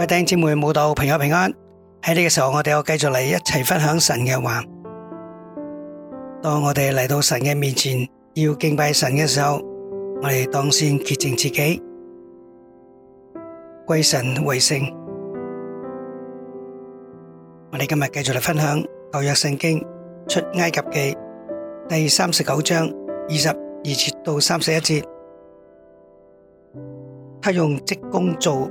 各位弟兄姊妹、聽眾朋友平安，喺呢個時候我哋又繼續嚟一齊分享神嘅話。當我哋嚟到神嘅面前要敬拜神嘅時候，我哋當先潔淨自己，歸神為聖。我哋今日繼續嚟分享舊約聖經出埃及記第三十九章二十二節到三十一節。他用織工做。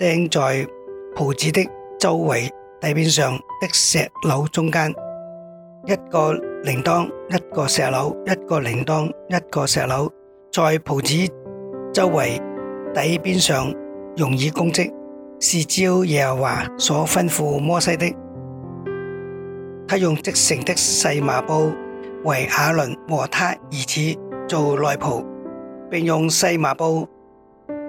釘在袍子的周圍底邊上，的石榴中間一個鈴鐺，一個石榴，一個鈴鐺，一個石榴，在袍子周圍底邊上用以供職，是照耶和華所吩咐摩西的。他用織成的細麻布為亞倫和他兒子做內袍，並用細麻布。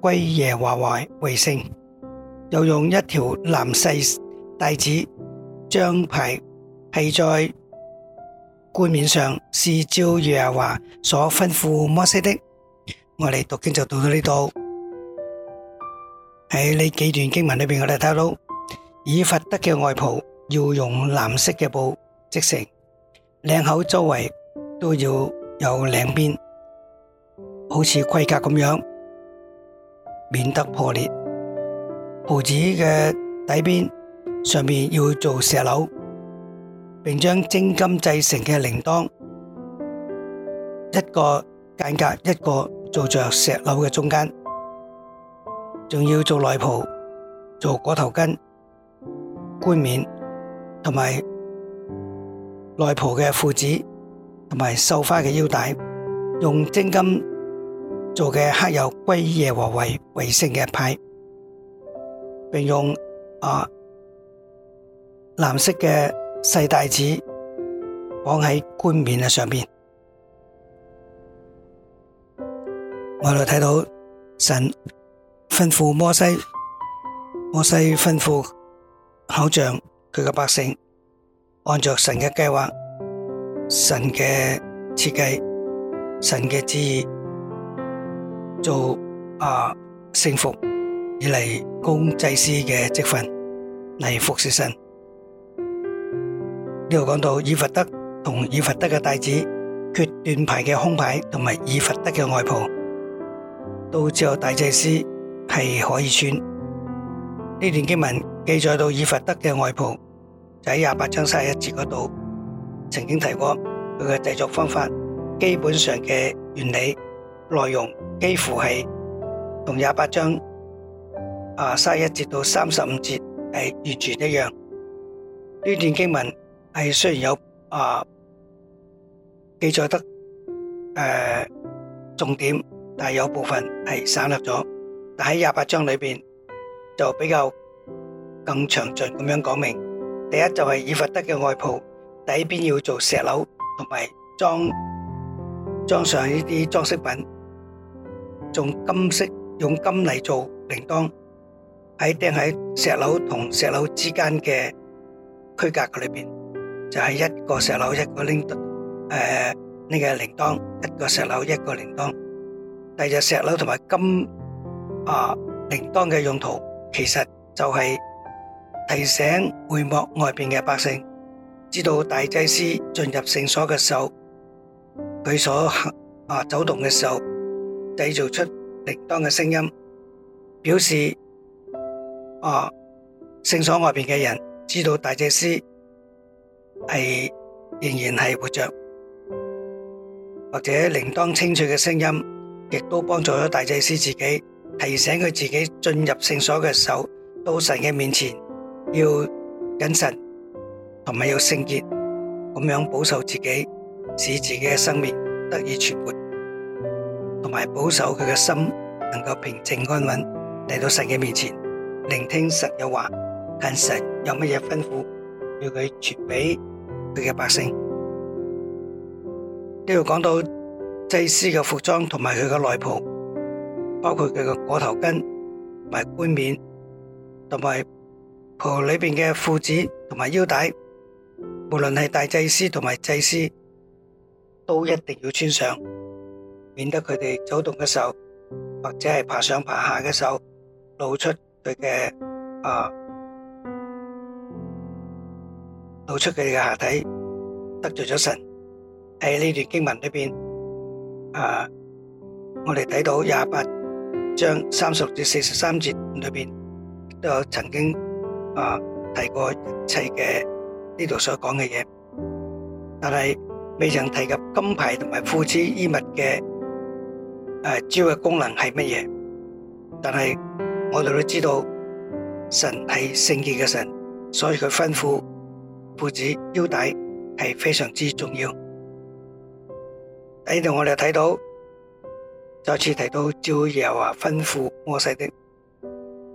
歸耶和華為聖，又用一條藍細帶子將牌繫在冠冕上，是照耶和華所吩咐摩西的。我哋讀經就到咗呢度。喺呢幾段經文裏邊，我哋睇到以弗得嘅外袍要用藍色嘅布織成，領口周圍都要有兩邊，好似盔甲咁樣。免得破裂，袍子嘅底邊上面要做石榴，並將精金製成嘅鈴鐺一個間隔一個做着石榴嘅中間，仲要做內袍、做裹頭巾、冠冕，同埋內袍嘅褲子，同埋繡花嘅腰帶，用精金。做嘅刻有歸耶和華為聖嘅牌，並用啊藍色嘅細帶子綁喺冠冕上面。我哋睇到神吩咐摩西，摩西吩咐巧匠佢嘅百姓，按照神嘅計劃，神嘅設計、計、神嘅旨意。做啊，聖服以嚟供祭司嘅職份嚟服侍神。呢度講到以弗得同以弗得嘅帶子、決斷牌嘅胸牌、同埋以弗得嘅外袍，都只有大祭司係可以穿。呢段經文記載到以弗得嘅外袍就喺廿八章卅一節嗰度曾經提過佢嘅製作方法，基本上嘅原理。內容幾乎係同廿八章啊三十一節到三十五節係完全一樣。呢段經文係雖然有啊記載得誒重點，但係有部分係省略咗。但喺廿八章裏邊就比較更詳盡咁樣講明。第一就係以弗得嘅外袍底邊要做石榴，同埋裝裝上呢啲裝飾品。用金色用金嚟做鈴鐺，喺釘喺石榴同石榴之間嘅區隔嘅裏邊，就係一個石榴一個鈴鐺，誒呢個鈴鐺，一個石榴一個鈴鐺。第二隻石榴同埋金啊鈴鐺嘅用途，其實就係提醒會幕外邊嘅百姓，知道大祭司進入聖所嘅時候，佢所行啊走動嘅時候。製造出鈴鐺嘅聲音，表示啊聖所外邊嘅人知道大祭司係仍然係活着，或者鈴鐺清脆嘅聲音，亦都幫助咗大祭司自己提醒佢自己進入聖所嘅時候，到神嘅面前，要謹慎同埋要聖潔，咁樣保守自己，使自己嘅生命得以存活。同埋保守佢嘅心，能夠平靜安穩嚟到神嘅面前，聆聽神嘅話，但神有乜嘢吩咐，要佢傳俾佢嘅百姓。呢度講到祭司嘅服裝同埋佢嘅內袍，包括佢嘅裹頭巾同埋冠冕，同埋袍裏邊嘅褲子同埋腰帶，無論係大祭司同埋祭司，都一定要穿上。免得佢哋走動嘅時候，或者係爬上爬下嘅時候，露出佢嘅啊，露出佢嘅下體，得罪咗神。喺呢段經文裏邊，啊，我哋睇到廿八章三十至四十三節裏邊，都有曾經啊提過一切嘅呢度所講嘅嘢，但係未曾提及金牌同埋褲子衣物嘅。誒，腰嘅功能係乜嘢？但係我哋都知道，神係聖潔嘅神，所以佢吩咐褲子腰帶係非常之重要。喺呢度我哋睇到，再次提到照耶和華吩咐摩西的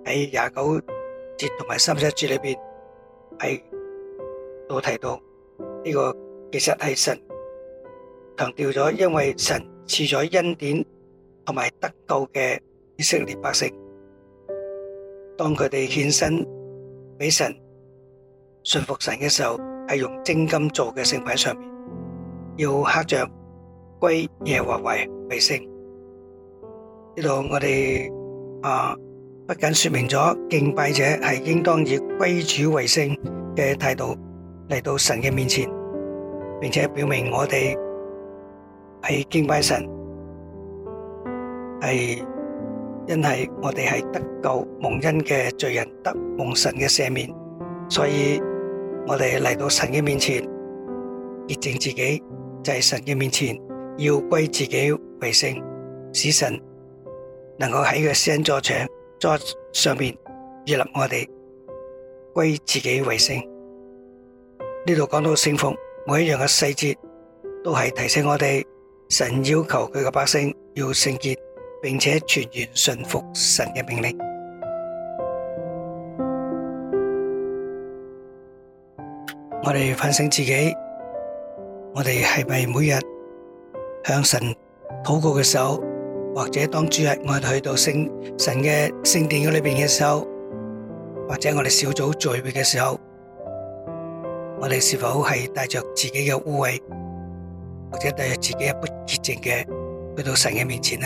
喺廿九節同埋三十一節裏邊係都提到呢個，其實係神強調咗，因為神賜咗恩典。同埋得到嘅以色列百姓，當佢哋獻身俾神，信服神嘅時候，係用精金做嘅聖牌上面，要刻着歸耶和華為聖。呢度我哋啊，不僅說明咗敬拜者係應當以歸主為聖嘅態度嚟到神嘅面前，並且表明我哋係敬拜神。係因係我哋係得救蒙恩嘅罪人，得蒙神嘅赦免，所以我哋嚟到神嘅面前潔淨自己，就係、是、神嘅面前要歸自己為聖，使神能夠喺佢嘅聖座上座上邊設立我哋歸自己為聖。呢度講到聖服，每一樣嘅細節都係提醒我哋神要求佢嘅百姓要聖潔。並且全員順服神嘅命令。我哋反省自己，我哋係咪每日向神禱告嘅時候，或者當主日我哋去到聖神嘅聖殿嘅裏邊嘅時候，或者我哋小組聚會嘅時候，我哋是否係帶着自己嘅污穢，或者帶着自己一般不潔淨嘅去到神嘅面前呢？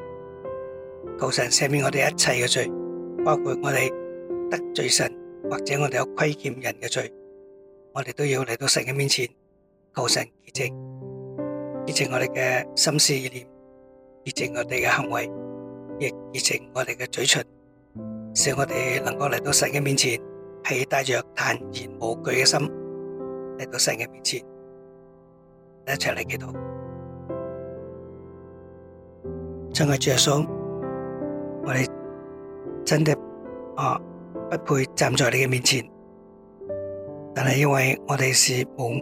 求神赦免我哋一切嘅罪，包括我哋得罪神或者我哋有虧欠人嘅罪，我哋都要嚟到神嘅面前，求神潔淨，潔淨我哋嘅心思意念，潔淨我哋嘅行為，亦潔淨我哋嘅嘴唇，使我哋能夠嚟到神嘅面前，係帶着坦然無懼嘅心嚟到神嘅面前。一齊嚟祈禱，親愛嘅耶穌。我哋真的啊，不配站在你嘅面前，但係因為我哋是蒙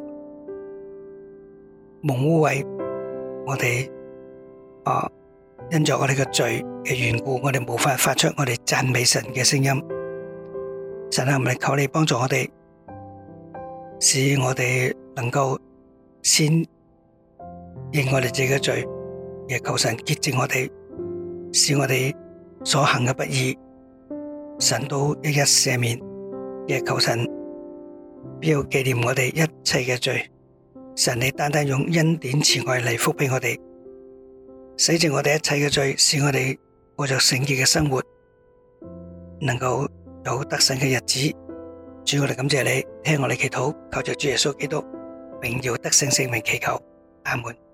蒙污穢，我哋啊因着我哋嘅罪嘅緣故，我哋無法發出我哋讚美神嘅聲音。神啊，我求你幫助我哋，使我哋能夠先認我哋自己嘅罪，而求神潔淨我哋，使我哋。所行嘅不義，神都一一赦免。耶求神，不要紀念我哋一切嘅罪。神你單單用恩典慈愛嚟福俾我哋，洗淨我哋一切嘅罪，使我哋過着聖潔嘅生活，能夠有得勝嘅日子。主我哋感謝你，聽我哋祈禱，靠着主耶穌基督榮耀得勝聖名祈求，阿門。